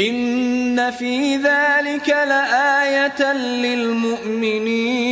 إن في ذلك لآية للمؤمنين